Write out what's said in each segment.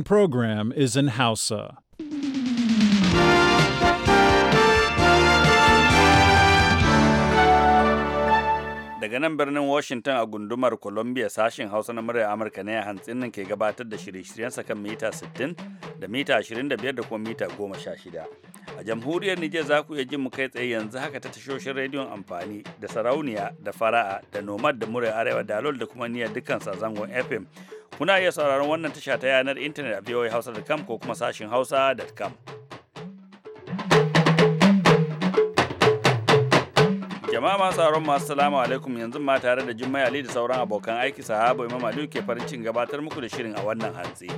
program is in Hausa. Daga nan birnin Washington a gundumar Columbia sashen Hausa na muryar Amurka ne a hantsin nan ke gabatar da shirye-shiryensa kan mita 60 da mita 25 da kuma mita 16. A jamhuriyar Nijar za ku iya jin mu kai tsaye yanzu haka ta tashoshin rediyon amfani da sarauniya da fara'a da nomad da murya arewa da da kuma niyyar dukkan sazangon FM. muna iya sauraron wannan tasha ta yanar intanet a voahausa.com ko kuma sashin hausa.com. Jama'a masu sauran masu salamu alaikum yanzu ma tare da Jummai Ali da sauran abokan aiki sahabo Imam Aliyu ke farin cin gabatar muku da shirin a wannan hantsi.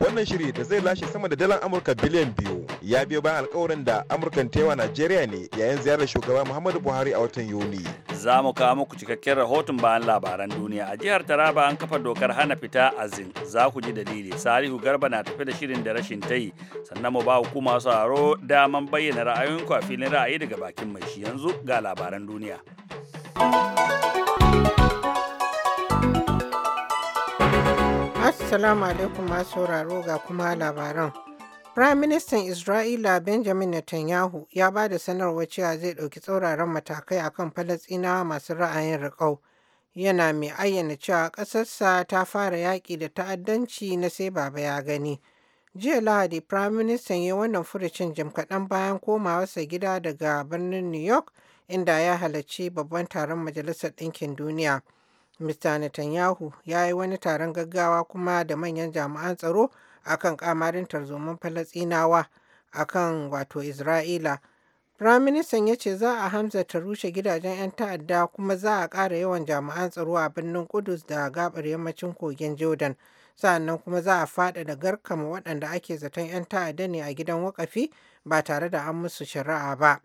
wannan shiri da zai lashe sama da dalar amurka biliyan biyu ya biyo bayan alkawarin da amurkan taiwa najeriya ne yayin ziyarar shugaba muhammadu buhari a watan yuni za mu kawo muku cikakken rahoton bayan labaran duniya a jihar taraba an kafa dokar hana fita azin za ku ji dalili salihu garba na tafi da shirin da rashin ta yi sannan mu ba hukuma sauraro daman bayyana ra'ayoyinku a filin ra'ayi daga bakin mai shi yanzu ga labaran duniya Assalamu alaikum masu sauraro ga kuma labaran. Prime Minister Isra'ila Benjamin Netanyahu ya ba da sanarwa cewa zai ɗauki tsauraran matakai akan Falasɗinawa masu ra'ayin riƙau. Yana mai ayyana cewa ƙasarsa ta fara yaƙi da ta'addanci na sai baba ya gani. Jiya Lahadi Prime Minister ya wannan furucin jim kaɗan bayan komawarsa gida daga birnin New York inda ya halarci babban taron Majalisar Ɗinkin Duniya. Mr. Netanyahu ya yi wani taron gaggawa kuma da manyan jami'an tsaro a akan kamarin tarzoman Falasɗinawa akan wato Isra'ila. Firaministan ya ce za a Hamza ta rushe gidajen 'yan ta'adda kuma za a ƙara yawan jami'an tsaro a birnin Kudus da gabar yammacin kogin Jordan. Sa'annan kuma za a da garkama waɗanda ake zaton 'yan ta'adda ne a gidan wakafi ba tare da an musu shari'a ba.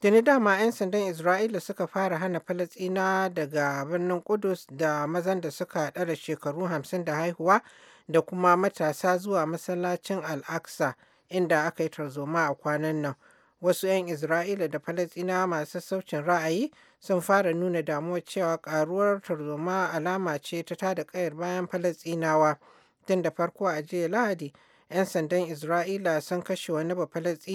Tuni dama 'yan sandan Isra'ila suka fara hana Falasɗinawa daga birnin Kudus da mazan da suka ɗara shekaru hamsin da haihuwa da kuma matasa zuwa masallacin Al-Aqsa inda aka yi tarzoma a kwanan nan. Wasu 'yan Isra'ila da falasɗina masu saucin ra'ayi sun fara nuna damuwar cewa ƙaruwar tarzoma alama ce ta tada ƙayar bayan Falasɗinawa. Tun da farko a jiya Lahadi, 'yan sandan Isra'ila sun kashe wani ba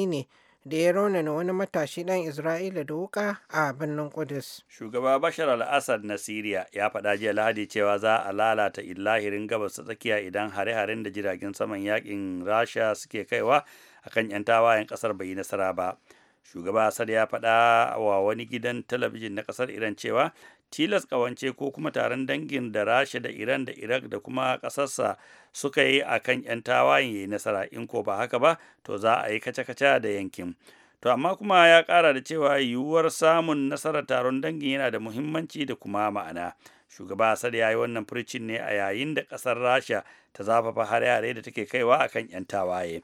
ne. da ya raunana wani matashi ɗan Isra'ila da wuka a birnin Kudus. Shugaba Bashar al-Assad na Siriya ya faɗa jiya Lahadi cewa za a lalata illahirin gabas ta tsakiya idan hare-haren da jiragen saman yakin Rasha suke kaiwa akan 'yan tawayen ƙasar bai yi nasara ba. Shugaba Assad ya faɗa wa wani gidan talabijin na ƙasar Iran cewa tilas kawance ko kuma taron dangin da rasha da iran da iraq da kuma ƙasarsa suka yi a kan 'yan tawayen ya yi nasara in ko ba haka ba to za a yi kaca-kaca da yankin to amma kuma ya kara da cewa yiwuwar samun nasarar taron dangin yana da muhimmanci da kuma ma'ana shugaba asar ya yi wannan furcin ne a yayin da ƙasar rasha ta zafafa har yare da take kaiwa a kan 'yan tawaye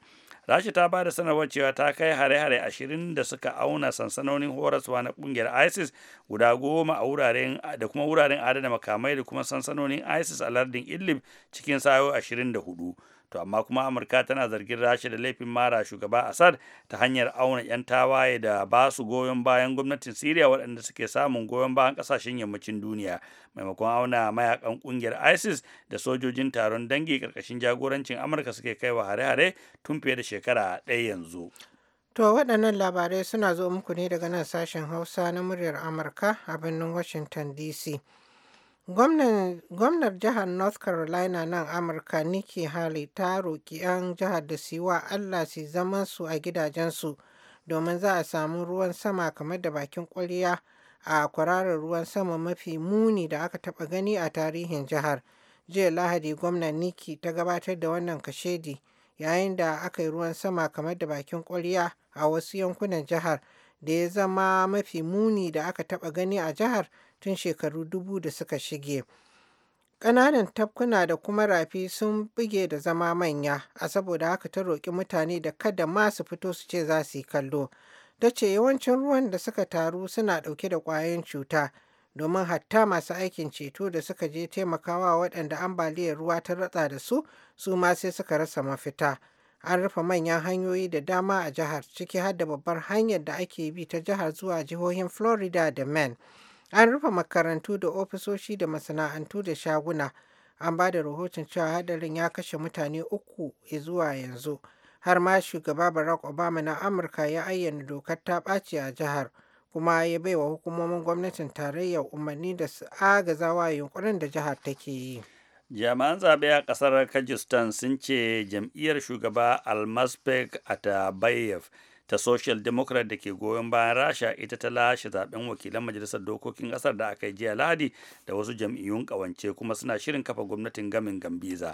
rashi ta ba da sanarwar cewa ta kai hare-hare ashirin da suka auna sansanonin horaswa na kungiyar isis guda goma a wuraren da kuma wuraren adana makamai da kuma sansanonin isis a lardin idlib cikin sayo ashirin da hudu to amma kuma amurka tana zargin rasha da laifin mara shugaba assad ta hanyar auna 'yan tawaye da ba su goyon bayan gwamnatin syria waɗanda suke samun goyon bayan ƙasashen yammacin duniya maimakon auna mayakan ƙungiyar isis da sojojin taron dangi ƙarƙashin jagorancin amurka suke kaiwa hare-hare tun fiye da shekara ɗaya yanzu to waɗannan labarai suna zo muku ne daga nan sashen hausa na muryar amurka a birnin washington dc Gwamnar jihar North Carolina nan Amurka Nikki Haley ta roƙi 'yan jihar da su wa Allah su zaman su a gidajensu domin za a samu ruwan sama kamar da bakin ƙwarya a kwararar ruwan sama mafi muni da aka taɓa gani a tarihin jihar. Jiya Lahadi gwamnan Nikki ta gabatar da wannan kashedi yayin da aka yi ruwan sama kamar da bakin ƙwarya a wasu yankunan jihar da ya zama mafi muni da aka taɓa gani a jihar tun shekaru dubu da suka shige. Ƙananan tafkuna da kuma rafi sun buge da zama manya, a saboda haka ta roƙi mutane da kada ma su fito su ce za su yi kallo. Ta ce yawancin ruwan da suka taru suna ɗauke da ƙwayoyin cuta, domin hatta masu aikin ceto da suka je taimakawa waɗanda ambaliyar ruwa ta ratsa da su, su ma sai suka rasa mafita. an rufe manyan hanyoyi da dama a jihar ciki har da babbar hanyar da ake bi ta jihar zuwa jihohin florida da maine An rufe makarantu da ofisoshi da masana'antu da shaguna. An ba da rahoton cewa hadarin ya kashe mutane uku zuwa yanzu. Har ma shugaba Barack Obama na Amurka ya ayyana dokar ta ɓaci a jihar kuma ya baiwa hukumomin gwamnatin tarayyar umarni da su agaza wa yunkurin da jihar take yi. jami'an zaɓe a ƙasar kajistan sun ce jam'iyyar shugaba almaspek atabayev ta social democrat da ke goyon bayan rasha ita ta lashe zaben wakilan majalisar dokokin kasar da aka yi jiya lahadi da wasu jam'iyyun kawance kuma suna shirin kafa gwamnatin gamin gambiza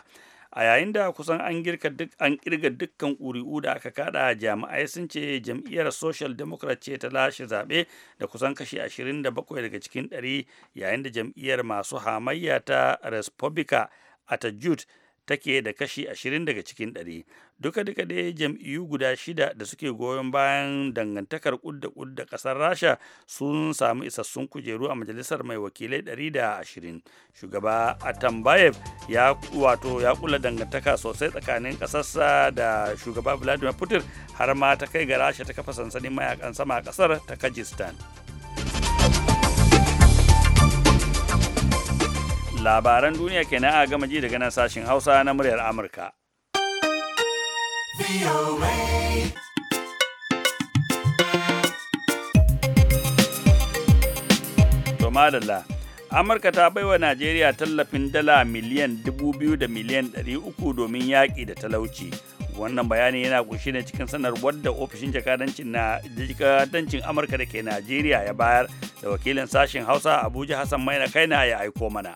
a yayin da kusan an girka duk an kirga dukkan ƙuri'u da aka kada jami'ai sun ce jam'iyyar social democrat ce ta lashe zaɓe da kusan kashi 27 daga cikin 100 yayin da jam'iyyar masu hamayya ta respublica a ta jute. take da kashi ashirin daga cikin ɗari duka duka dai jam'iyyu guda shida da suke goyon bayan dangantakar kudda kudda kasar rasha sun samu isassun kujeru a majalisar mai wakilai 120 shugaba atambayev ya wato ya kula dangantaka sosai tsakanin kasarsa da shugaba vladimir putin har ma ta kai ga rasha ta kafa sansanin mayakan sama a kasar ta kajistan labaran duniya kenan a gama ji daga nan sashen hausa na muryar amurka amurka ta baiwa najeriya tallafin dala miliyan dubu biyu da miliyan ɗari uku domin yaƙi da talauci wannan bayani yana kunshi ne cikin sanarwar da ofishin jakadancin jakadancin amurka da ke najeriya ya bayar da wakilin sashen hausa abuja hassan maina kaina ya aiko mana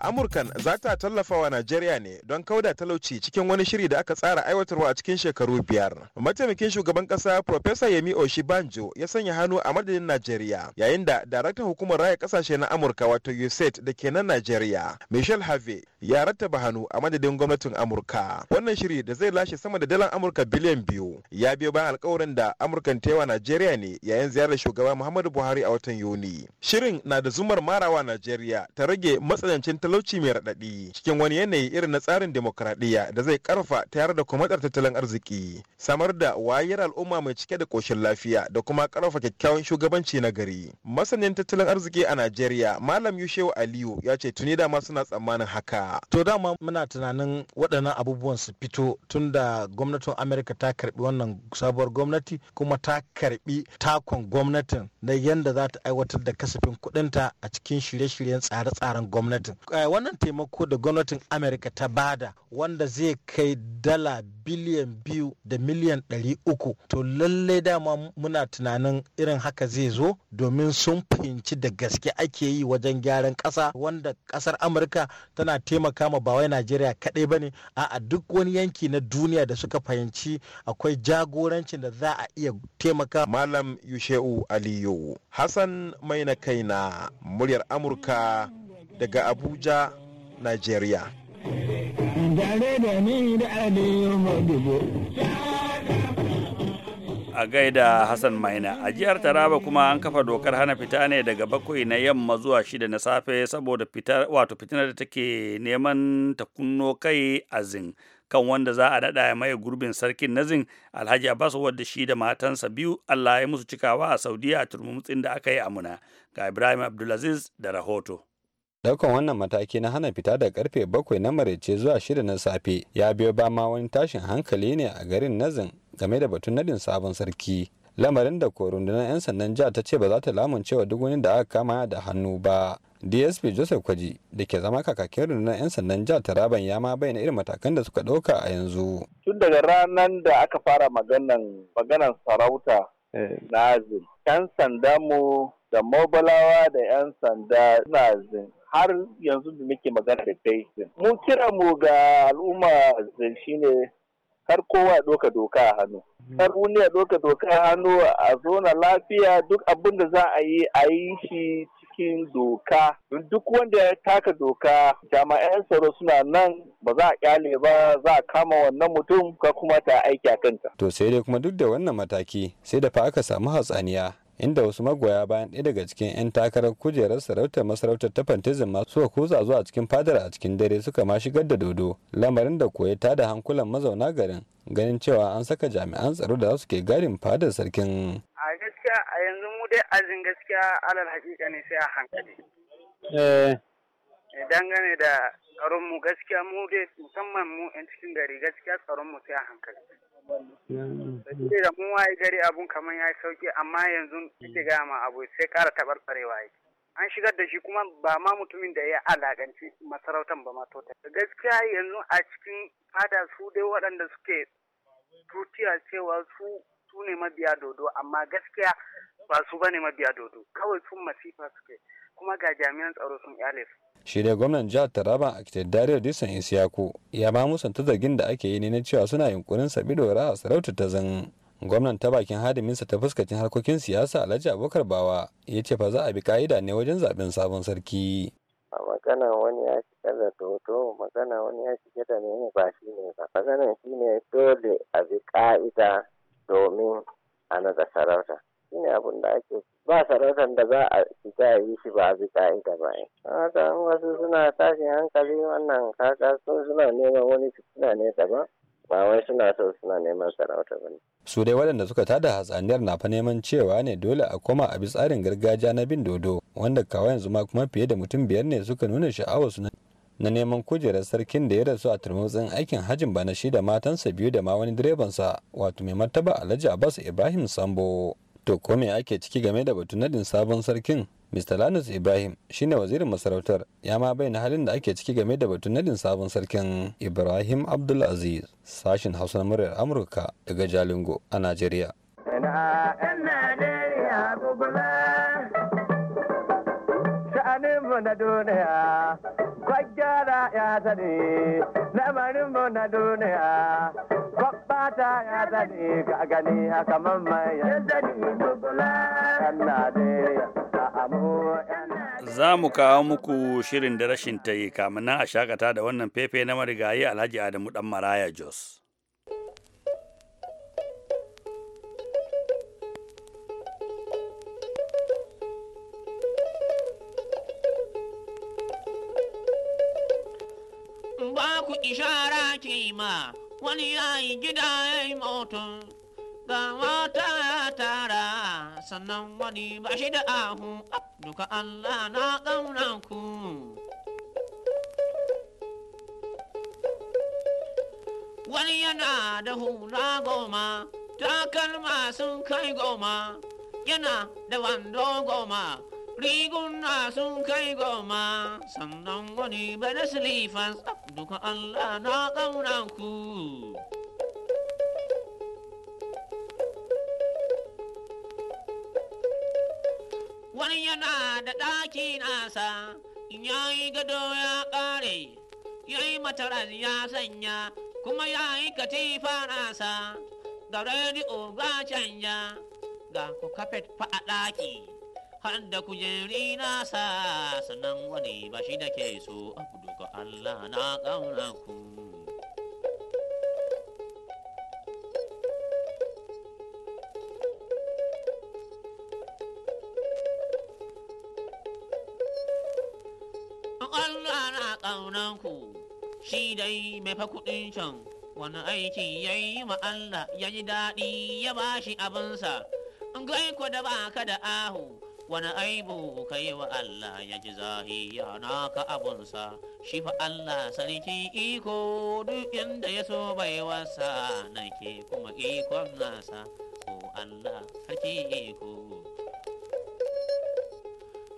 Amurkan za ta tallafa wa Najeriya ne don kauda talauci cikin wani shiri da aka tsara aiwatarwa a cikin shekaru biyar. Mataimakin shugaban kasa Profesa Yemi Oshibanjo ya sanya hannu a madadin Najeriya yayin da daraktan hukumar raya kasashe na Amurka wato USAID da ke nan Najeriya Michelle Harvey ya rattaba hannu a madadin gwamnatin Amurka. Wannan shiri da zai lashe sama da dalar Amurka biliyan biyu ya biyo bayan alkawarin da Amurkan ta yi wa Najeriya ne yayin ziyarar shugaba Muhammadu Buhari a watan Yuni. Shirin na da zumar marawa Najeriya ta rage matsanancin talauci mai raɗaɗi cikin wani yanayi irin na tsarin demokradiyya da zai karfa tayar da kumatar tattalin arziki samar da wayar al'umma mai cike da koshin lafiya da kuma karfa kyakkyawan shugabanci na gari masanin tattalin arziki a najeriya malam yushewu aliyu ya ce tuni dama suna tsammanin haka to dama muna tunanin waɗannan abubuwan su fito tun da gwamnatin amerika ta karbi wannan sabuwar gwamnati kuma ta karbi takon gwamnatin na yadda za ta aiwatar da kasafin kuɗinta a cikin shirye-shiryen tsare-tsaren gwamnatin Eh, wannan taimako da gwamnatin Amerika ta bada wanda zai kai dala biliyan biyu da miliyan ɗari uku to lallai dama muna tunanin irin haka zai zo domin sun fahimci da gaske ake yi wajen gyaran ƙasa wanda ƙasar Amurka tana taimaka ma ba wai Najeriya kaɗai ba ne a duk wani yanki na duniya da suka fahimci akwai jagorancin da za a iya taimaka. Malam Yushe'u Aliyu Hassan mai kai na muryar Amurka daga Abuja, nigeria. a gaida Hassan Maina. A jihar Taraba kuma an kafa dokar hana fita ne daga bakwai na yamma zuwa shida na safe saboda wato fitinar da take neman ta kunno kai a zin. Kan wanda za a daɗa mai gurbin sarkin na zin Alhaji Abbas wadda shi da matansa biyu Allah ya musu cikawa a Saudiya a turmutsin da aka yi amuna Ga Ibrahim Abdulaziz da rahoto. daukan wannan mataki na hana fita da karfe bakwai na maraice zuwa shida na safe ya biyo ba ma wani tashin hankali ne a garin nazin game da batun nadin sabon sarki lamarin da ko 'yan sandan jiha ta ce ba za ta lamuncewa duk wani da aka kama da hannu ba dsp joseph kwaji da ke zama kakakin rundunar 'yan sandan jihar taraban ya ma bayyana irin matakan da suka ɗauka a yanzu tun daga ranar da aka fara maganan maganan sarauta eh, na 'yan sanda mu da mobalawa da 'yan sanda nazin har yanzu da muke magana da kai mu kira mu ga al'umma shine kar kowa ya doka doka a hannu hmm. kar wani ya doka doka a hannu a zona lafiya duk abin da za a yi a yi shi cikin doka duk wanda ya taka doka jama'an tsaro suna nan ba za a kyale ba za a kama wannan mutum ka kuma ta aiki a kanta to sai dai kuma duk da wannan mataki sai da fa aka samu hatsaniya inda wasu magoya bayan ɗaya daga cikin 'yan takarar kujerar sarautar masarautar ta fantizin masu suka kusa zuwa cikin fadar a cikin dare suka ma shigar da dodo lamarin da koya da hankulan mazauna garin ganin cewa an saka jami'an tsaro da su ke gadin fadar sarkin. a gaskiya a yanzu mu dai azin gaskiya alal hakika ne sai a hankali. Eh. Eh, gane da tsaron mu gaskiya mu dai musamman mu yan cikin gari gaskiya tsaron mu sai a hankali sai da mun waye gari abun kamar ya sauki amma yanzu kike ga ma abu sai kara tabarbarewa yake an shigar da shi kuma ba ma mutumin da ya alaganci masarautar ba ma tota gaskiya yanzu a cikin fada su dai waɗanda suke tutiya cewa su su ne mabiya dodo amma gaskiya ba su ba ne mabiya dodo kawai sun masifa suke kuma ga jami'an tsaro sun kyale su shi dai gwamnan jihar taraba a dariyar disan isiyaku ya musan musanta zargin da ake yi ne na cewa suna yunkurin sabi dora a sarautar ta zan gwamnan ta bakin hadiminsa ta fuskacin harkokin siyasa alhaji abubakar bawa ya ce fa za a bi ka'ida ne wajen zaben sabon sarki A magana wani ya shiga da toto, magana wani ya shiga da mene ba shi ne ba maganan shi ne dole a bi ka'ida domin a naga sarauta shi ne abin da ake ba sarautar da za a fita yi shi ba a bi ka'ida ba haka wasu suna tashin hankali wannan kaka sun suna neman wani fitina ne daban ba wai suna so suna neman sarauta ba ne su dai waɗanda suka tada hatsaniyar na fa neman cewa ne dole a koma a bi tsarin gargajiya na bin dodo wanda kawai yanzu ma kuma fiye da mutum biyar ne suka nuna sha'awar su na neman kujerar sarkin da ya rasu a turmutsin aikin hajin bana shi da matansa biyu da ma wani direbansa wato mai martaba alhaji abbas ibrahim sambo To ko me ake ciki game da batun nadin sabon sarkin? Mr. Lanus Ibrahim shine wazirin masarautar ya ma bayyana halin da ake ciki game da batun nadin sabon sarkin Ibrahim Abdulaziz sashin Hausa na muryar Amurka daga Jalingo a Najeriya. Sha'anin duniya ta ya sani lamarin mu na duniya babba ta ya sani ga gani haka mamman ya sani dubula yana da amu Za mu kawo muku shirin da rashin ta yi a shakata da wannan fefe na marigayi Alhaji Adamu Dan Maraya Jos. ku ishara ke ma wani yayi gida ya yi mutum ga mata ya tara sannan wani ba shi da ahu duka Allah na ƙauna ku. Wani yana da hula goma, takalma sun kai goma, yana da wando goma. rigunna sun kai goma sannan wani bane silifan duka Allah na ƙaunan ku. Wani yana da ɗaki nasa, ya yi gado ya ƙare, ya yi mataras ya sanya, kuma ya yi katifa nasa, da rediyo ga canja, ga ku kafet fa a ɗaki. hadda kujeri na sa sanan wani ba shi da ke so abu Allah na ƙauna ku. Allah na ƙauna ku shi dai mai fa kuɗin can wani aiki ya yi ma Allah ya ji daɗi ya ba shi abinsa. Gai ku da ba ka da ahu wani aibu kai wa Allah ya ji zahiya naka abunsa shi fa Allah sarki iko duk inda ya so bai wasa Na nake kuma ikon nasa ko Allah sarki iko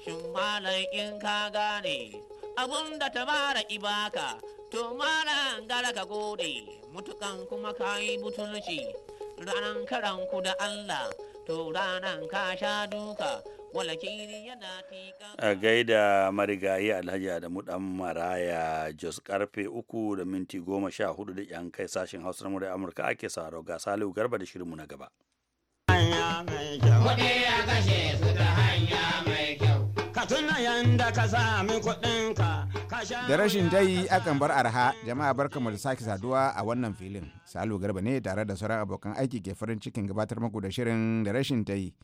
shin malam in ka gane abun da ta mara ibaka to malam gara ka gode mutukan kuma ka yi butulci ranan karanku da Allah to ranan ka sha duka a gaida marigayi alhaji adamu dan maraya jos karfe uku da minti goma sha hudu da yan kai sashen hausar murai amurka ake saro ga salihu garba da shirinmu na gaba kashe su hanya mai kyau ka tuna ka sami kuɗinka da rashin tayi akan bar arha jama'a barkamu da sake saduwa a wannan filin salu garba ne tare da sauran abokan aiki ke farin cikin gabatar muku da shirin da rashin tayi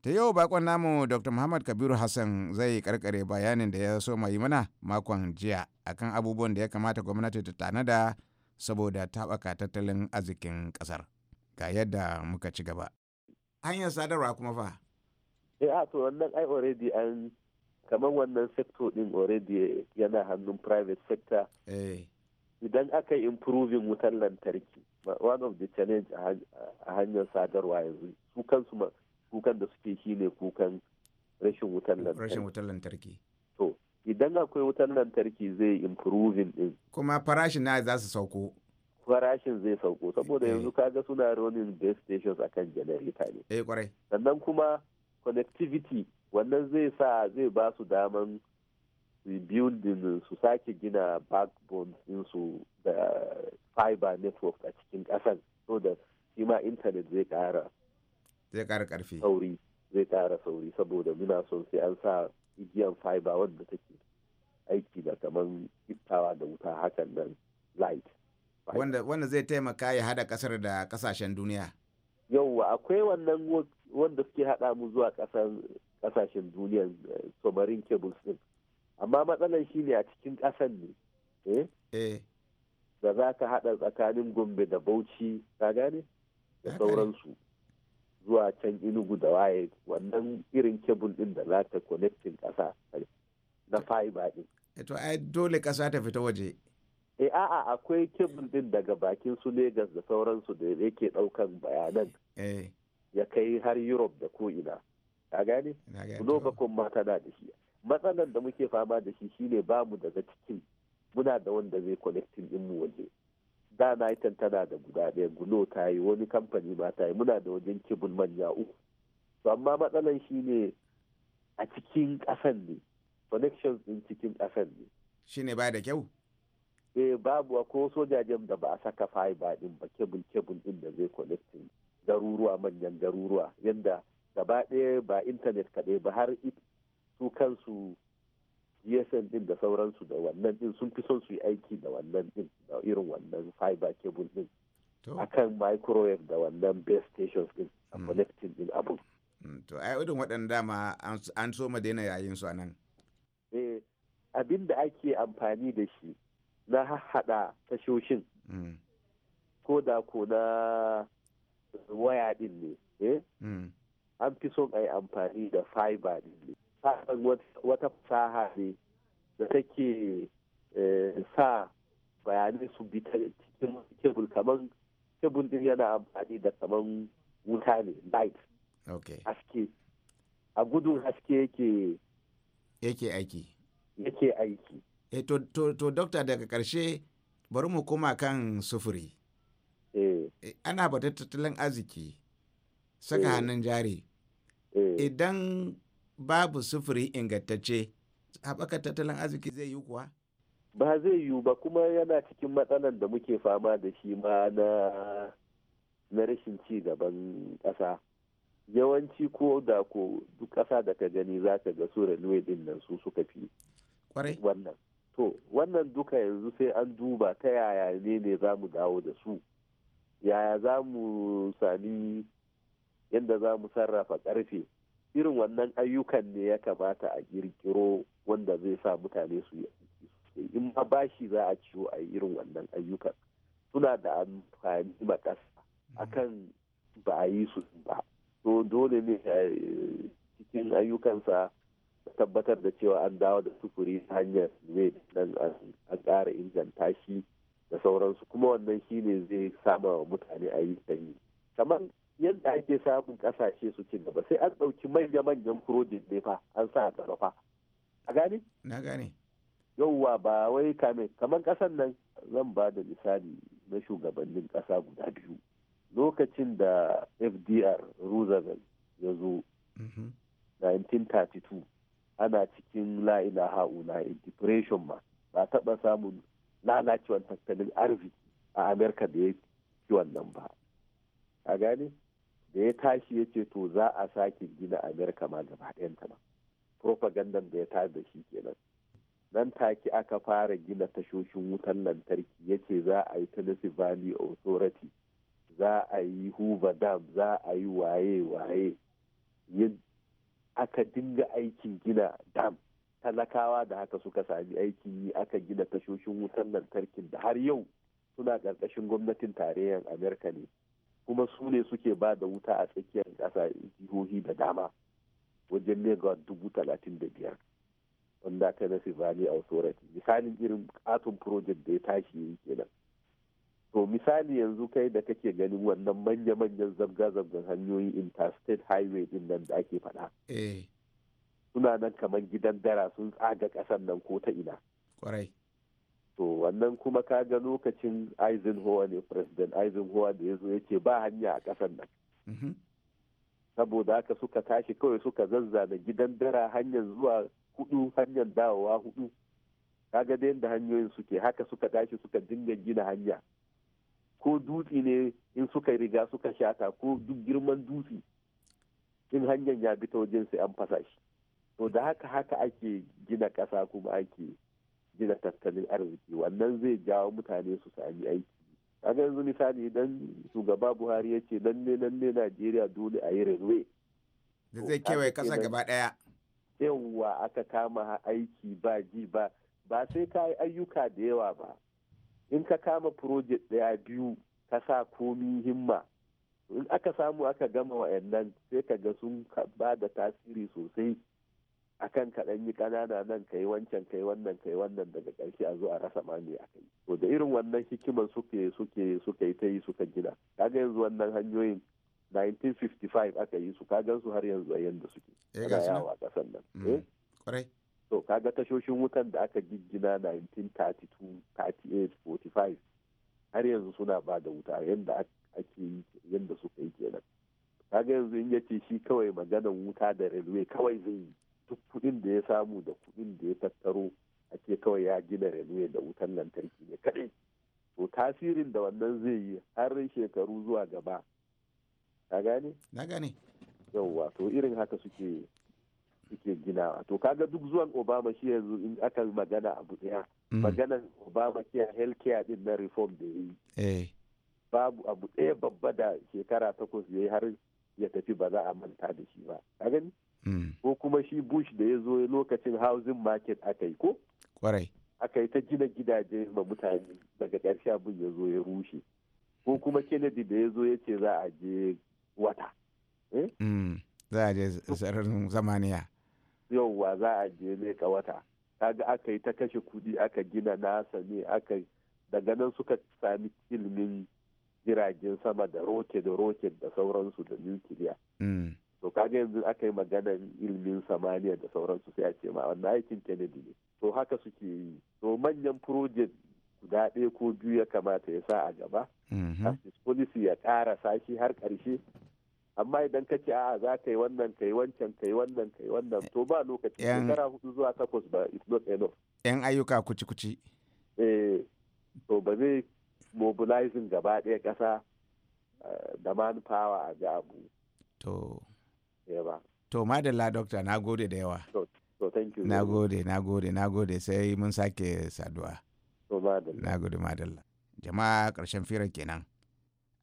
ta yau bakon namu dr muhammad kabiru hassan zai karkare bayanin da ya so mai mana makon jiya akan abubuwan da ya kamata gwamnati ta tanada saboda taɓaka tattalin arzikin kasar ga yadda muka ci gaba hanyar sadarwa kuma fa eh a to wannan ai already an kamar wannan sector din already yana hannun private sector eh. idan aka yi improving wutar lantarki one of the challenge a hanyar sadarwa yanzu su kansu kukan da suke shi ne kukan rashin wutar lantarki rashin wutar lantarki to idan akwai wutan lantarki zai improving din kuma farashin na za su sauko farashin zai sauko saboda eh. yanzu kaga suna running base stations akan generator ne eh kwarai sannan kuma connectivity wannan zai sa zai ba su daman building su sake gina backbone su da fiber network a cikin ƙasan so da shi ma intanet zai ƙara zai ƙara ƙarfi sauri zai ƙara sauri saboda muna son sai an sa igiyan fiber wanda take aiki da kamar iftawa da wuta hakan nan light wanda wanda zai taimaka ya hada kasar da kasashen duniya yauwa akwai wannan wanda suke hada mu zuwa kasashen duniya eh, sumarin cables din amma matsalar shi ne a cikin kasan ne eh? eh da za ka hada tsakanin gombe da bauchi ka gane da sauransu zuwa can inugu da waye wannan irin kebul din da za ta connecting ƙasa na fiber din. Eh, to ai dole kasa ta fita waje. e a'a akwai kebul din daga bakin su Legas da sauransu da yake ɗaukan bayanan. Eh. ya kai har Europe da ko ina. Ka gane? lokacin ma tana da shi. matsalar da muke fama da shi shine bamu daga cikin muna da wanda zai connecting din mu waje. da Niton tana da guda ɗaya gulo ta yi wani kamfani ma ta yi muna da wajen kibin manya uku to amma matsalan shi ne a cikin kasan ne connections din cikin kasan ne shi ne ba da kyau eh babu ko sojajen da ba a saka fiber din ba kebul kebul din da zai connecting garuruwa manyan garuruwa yadda gaba ɗaya ba intanet kaɗai ba har su kansu gsm din da sauransu da wannan din sun fi son su yi aiki da wannan din da irin wannan fiber cable din kan microwave da wannan base stations din a mm. connecting din abu mm, to ai irin waɗanda ma an so daina yayin su anan. eh abin da ake amfani da shi na haɗa tashoshin mm. ko da ko na waya din ne eh? an fi son a yi amfani da fiber din ne wata fasaha ne da take eh, sa bayanai su bi ta cikin kebul kamar kebul din yana amfani da kamar wuta ne light haske a gudun haske yake yake aiki yake aiki eh to to to dokta daga karshe bari mu koma kan sufuri eh, eh ana batun tattalin arziki saka eh. hannun jari idan babu sufuri ingantacce haɓaka tattalin arziki zai yi kuwa ba zai yiwu ba kuma yana cikin matsalan da muke fama da shi ma na na rashin ci gaban ƙasa yawanci ko da ko duk ƙasa da ka gani za ka ga su railway din nan su suka fi wannan to wannan duka yanzu sai an duba ta yaya ne ne za mu dawo da su yaya za mu sami yadda za mu sarrafa ƙarfe irin wannan ayyukan ne ya kamata a girgiro wanda zai sa mutane su yi in ma bashi za a ciwo a irin wannan ayyukan suna da amfani makasa akan mm. ba a yi su ba to dole ne eh, cikin ayyukansa tabbatar da cewa an dawo da sufuri ta hanyar ne nan a ƙara inganta shi da sauransu kuma wannan shine zai sama wa mutane ayyukan yi kamar yadda ake samun kasashe su ci gaba sai an ɗauki manya-manyan project ne fa an sa a gaba fa a gane na gane yauwa ba wai kame kamar ƙasan nan zan ba da misali na shugabannin ƙasa guda biyu lokacin da fdr roosevelt ya zo 1932 mm-hmm. ana cikin la'ila ha'una depression ma ba taɓa samun lalacewar tattalin arziki a amerika da ya ci wannan ba a gane da ya tashi ya ce to za a sake gina amerika ma gaba ɗayanta ba propagandan da ya tashi da shi kenan nan take aka fara gina tashoshin wutan lantarki ya ce za a yi tennessee valley authority za a yi hoover dam za a yi waye-waye yin aka dinga aikin gina dam talakawa da haka suka sami aikin yi aka gina tashoshin wutan lantarkin da har yau suna ƙarƙashin gwamnatin tarayyar amerika ne kuma su ne suke ba da wuta a tsakiyar ƙasa jihohi da dama wajen megawatt dubu talatin da biyar wanda ta nasi wasu authority misalin irin katon project da ya tashi yi kenan to misali yanzu kai da kake ganin wannan manya-manyan zabga-zabgan hanyoyi interstate highway din nan da ake faɗa eh. suna nan kamar gidan dara sun tsaga ƙasan nan ko ta ina to wannan kuma ka ga lokacin eisenhower ne president eisenhower da ya zo ya ce ba hanya a ƙasar nan mm-hmm. saboda haka suka tashi kawai suka zazzana gidan dara hanyar zuwa hudu hanyar dawowa hudu kaga da yadda hanyoyin suke haka suka tashi suka dinga gina hanya ko dutse ne in suka riga suka shata ko duk girman dutse in hanyar ya bi ta wajen sai an fasa shi to da haka haka ake gina ƙasa kuma ake gina tattalin arziki wannan zai jawo mutane su sami aiki a yanzu misali idan shugaba buhari ya ce nan ne nan ne najeriya dole a yi railway da zai kewaye kasa gaba daya yawwa aka kama aiki ba ji ba ba sai ka yi ayyuka da yawa ba in ka kama project daya biyu ka sa komi himma in aka samu aka gama wa'annan sai ka ga sun ba da tasiri sosai akan ka dan yi kanana nan yi wancan kai wannan kai wannan daga ƙarshe a zo a rasa mani a kai to da irin wannan hikiman suke suke suka yi ta yi suka gina kaga yanzu wannan hanyoyin 1955 aka yi su kagan su har yanzu a yanda suke eh, ana yawa kasan nan kwarai mm, eh? to kaga tashoshin wutan da aka giggina 1932 38 45 har yanzu suna ba da wuta yanda ake yi yanda suka yi kenan kaga yanzu in yace shi kawai maganan wuta da railway kawai zai yi duk kuɗin da ya samu da kuɗin da ya tattaro ake kawai ya gina railway da wutan lantarki ne kaɗai to tasirin da wannan zai yi har shekaru zuwa gaba ka gane na gane yauwa to irin haka suke suke ginawa to kaga duk zuwan obama shi yanzu in aka magana abu daya mm. magana obama care healthcare din na reform da ya yi eh. babu abu ɗaya babba da shekara takwas ya yi har ya tafi ba za a manta da shi ba ka gani Mm. ko kuma shi bush da ya zo lokacin housing market aka yi ko kwarai aka yi ta gina gidaje ma mutane daga ƙarshe abin ya zo ya rushe ko kuma kennedy da ya zo ya ce za a je wata eh? mm. za a je zamaniya yauwa za a je ka wata kaga aka yi ta kashe kudi aka gina nasa ne aka daga nan suka sami ilimin jiragen sama da roke da roke da sauransu da nukiliya mm. to kaga yanzu aka yi maganar ilimin samaniya da sauransu sai a ce ma wannan aikin kennedy ne to haka suke yi to manyan project guda ɗaya ko biyu ya kamata ya sa a gaba mhm. justice policy ya ƙara sashi har ƙarshe amma idan ka ce a'a za ka yi wannan ka yi wancan ka yi wannan ka yi wannan to ba lokaci shekara hudu zuwa takwas ba it's not enough yan ayyuka kuci kuci eh to ba zai mobilizing gaba ɗaya ƙasa eh, da manpower a ga abu to ɗaya ba. To madalla dokta na gode da yawa. To thank you. Na gode na gode na gode sai mun sake saduwa. To madalla. Na gode madalla. Jama'a ƙarshen fira kenan.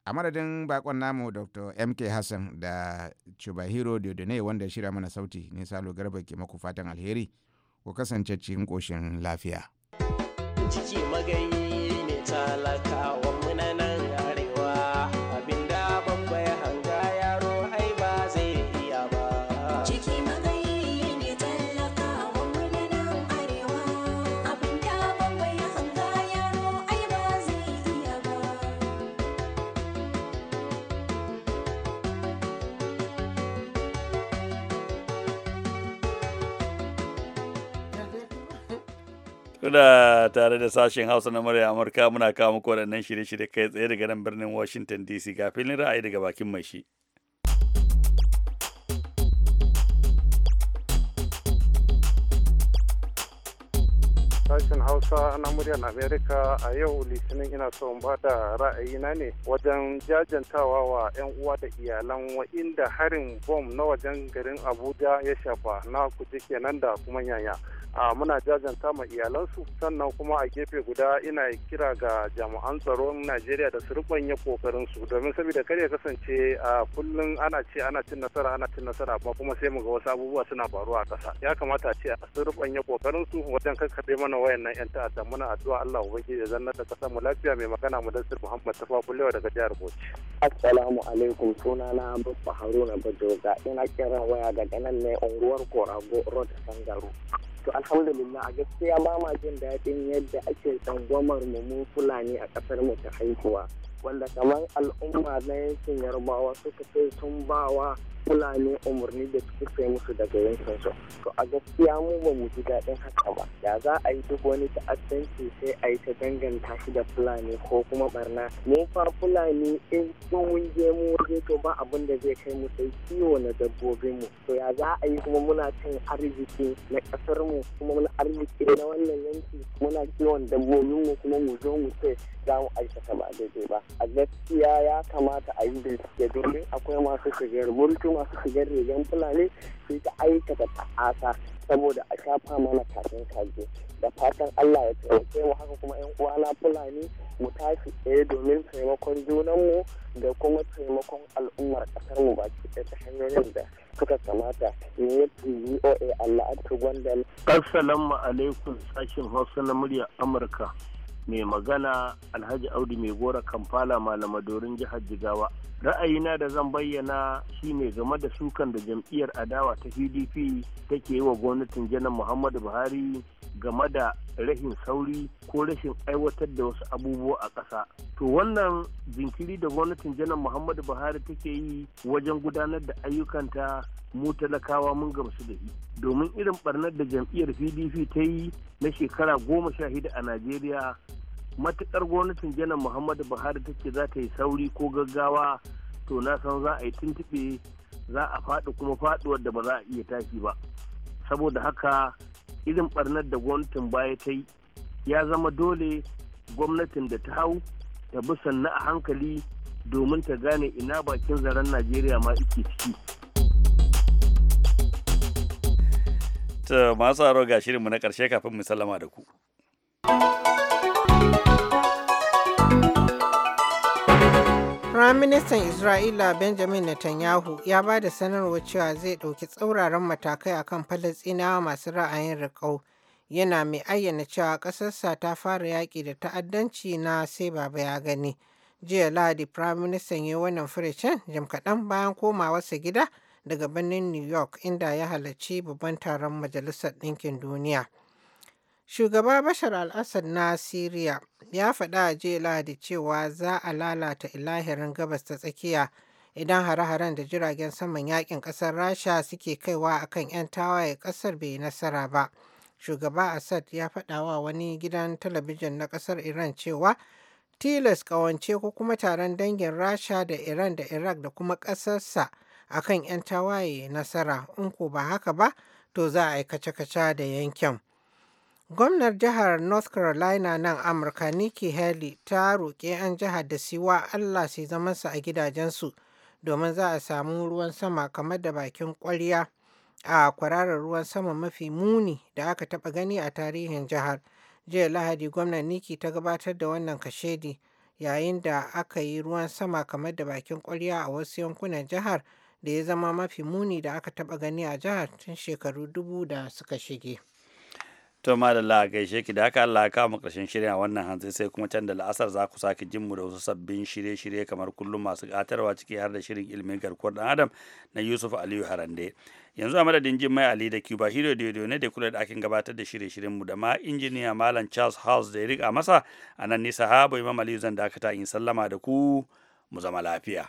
a madadin bakon namu dr mk hassan da chubahiro diodone wanda shirya mana sauti ne salo garba ke maku fatan alheri ku kasance cikin koshin lafiya. Ciki Kuna tare da sashen Hausa na murya Amurka muna kawo muku waɗannan shirye-shirye kai tsaye daga nan birnin Washington DC ga filin ra'ayi daga bakin mai shi. Sashen Hausa na muryar Amerika a yau Litinin ina so ba da ra'ayina ne wajen jajantawa wa 'yan uwa da iyalan inda harin bom na wajen garin Abuja ya shafa na kuje kenan da kuma yaya. a muna jajanta ma iyalansu sannan kuma a gefe guda ina kira ga jami'an tsaron najeriya da su rubanya kokarin su domin saboda kare kasance a kullum ana ce ana cin nasara ana cin nasara amma kuma sai mu ga wasu abubuwa suna faruwa a ƙasa ya kamata ce a su rubanya kokarin su wajen kakkaɓe mana wayan nan yan ta'adda muna addu'a Allah ubangiji ya zanna da kasa mu lafiya mai magana mu dasir Muhammad Tafafulewa daga jihar Bauchi Assalamu alaikum sunana Babba Haruna Bajoga ina kiran waya daga nan ne unguwar Korago Road Sangaru alhamdulillah a gaskiya ba ma jin daɗin yadda ake tsangwamar mu fulani a ƙasar mu ta haihuwa wanda kamar al'umma na yankin yarbawa suka sai sun bawa fulani umarni da suka sai musu daga su. to a gaskiya mu ba mu ji daɗin haka ba ya za a yi duk wani ta'addanci sai a yi ta danganta shi da fulani ko kuma barna mu fa fulani in sun mun je mu waje to ba abin da zai kai mu sai kiwo na dabbobin mu to ya za a yi kuma muna cin arziki na ƙasar mu kuma muna arziki na wannan yanki muna kiwon dabbobin mu kuma mu zo mu ce za mu aikata ba daidai ba a gaskiya ya kamata a yi bincike domin akwai masu shigar mulkin masu shigar rigan fulani su ta aikata ta'asa saboda a shafa mana kafin kaji da fatan Allah ya taimake mu haka kuma yan uwana fulani mu tashi ɗaya domin taimakon mu da kuma taimakon al'ummar kasar mu baki ɗaya ta hanyoyin da suka kamata ne VOA Allah Antu Gwandal. Assalamu alaikum sashen Hausa na murya Amurka. Mai magana Alhaji Audu Mai Gora Kampala Malamadorin jihar Jigawa. ra'ayina da zan bayyana shine game da sukan da jam'iyyar adawa ta pdp take yi wa gwamnatin janar muhammadu buhari game da rashin sauri ko rashin aiwatar da wasu abubuwa a ƙasa to wannan jinkiri da gwamnatin janar muhammadu buhari take yi wajen gudanar da ayyukanta mu talakawa mun gamsu da shi domin irin barnar da jam'iyyar pdp ta yi na shekara goma sha hida a najeriya matuƙar gwamnatin janar muhammadu buhari take za ta yi sauri ko gaggawa to na san za a yi tuntuɓe za a faɗi kuma faɗuwar da ba za a iya tashi ba saboda haka irin ɓarnar da gwamnatin baya ta yi ya zama dole gwamnatin da ta hau ta bi sannu a hankali domin ta gane ina bakin zaren najeriya ma ike ciki masu aro ga shirinmu na ƙarshe kafin mu sallama da ku. Firaministan Isra'ila Benjamin Netanyahu ya ba da sanarwa cewa zai ɗauki tsauraran matakai a kan Falasɗinawa masu ra'ayin riƙau, yana mai ayyana cewa ƙasarsa ta fara yaƙi da ta'addanci na sai baba ya gani. Jiya Lahadi Firaministan ya yi wannan furucin jim kaɗan bayan komawarsa gida daga birnin New York inda ya halarci babban taron Majalisar Ɗinkin Duniya. Shugaba Bashar al-Assad na Siriya ya faɗa a jiya Lahadi cewa za a lalata ilahirin Gabas ta Tsakiya idan hare-haren da jiragen saman yakin ƙasar Rasha suke kaiwa akan 'yan tawaye ƙasar bai nasara ba. Shugaba Assad ya faɗa wa wani gidan talabijin na ƙasar Iran cewa tilas ƙawance ko kuma taron dangin Rasha da Iran da Iraq da kuma ƙasarsa akan 'yan tawaye nasara in ko ba haka ba to za a yi kace-kace da yankin. Gwamnar jihar North Carolina nan Amurka Nikki Haley ta roƙe 'yan jihar da siwa allah wa Allah su zamansu a gidajensu domin za a samu ruwan sama kamar da bakin ƙwarya a kwararar ruwan sama mafi muni da aka taɓa gani a tarihin jihar. Jiya Lahadi gwamnar Nikki ta gabatar da wannan kashedi yayin da aka yi ruwan sama kamar da bakin ƙwarya a wasu yankunan jihar da ya zama mafi muni da aka taɓa gani a jihar tun shekaru dubu da suka shige. to madalla gaishe ki da haka Allah ya kawo karshen shirin a wannan hantsi sai kuma can da la'asar za ku sake jin mu da wasu sabbin shirye-shirye kamar kullum masu gatarwa ciki har da shirin ilimin garkuwar dan adam na Yusuf Aliyu Harande yanzu a madadin jin mai Ali da Cuba Hero Diodo ne da kula da akin gabatar da shirye-shiryen mu da ma injiniya Malam Charles House da ya rika masa a nan ni sahabo Imam Aliyu zan dakata in sallama da ku mu zama lafiya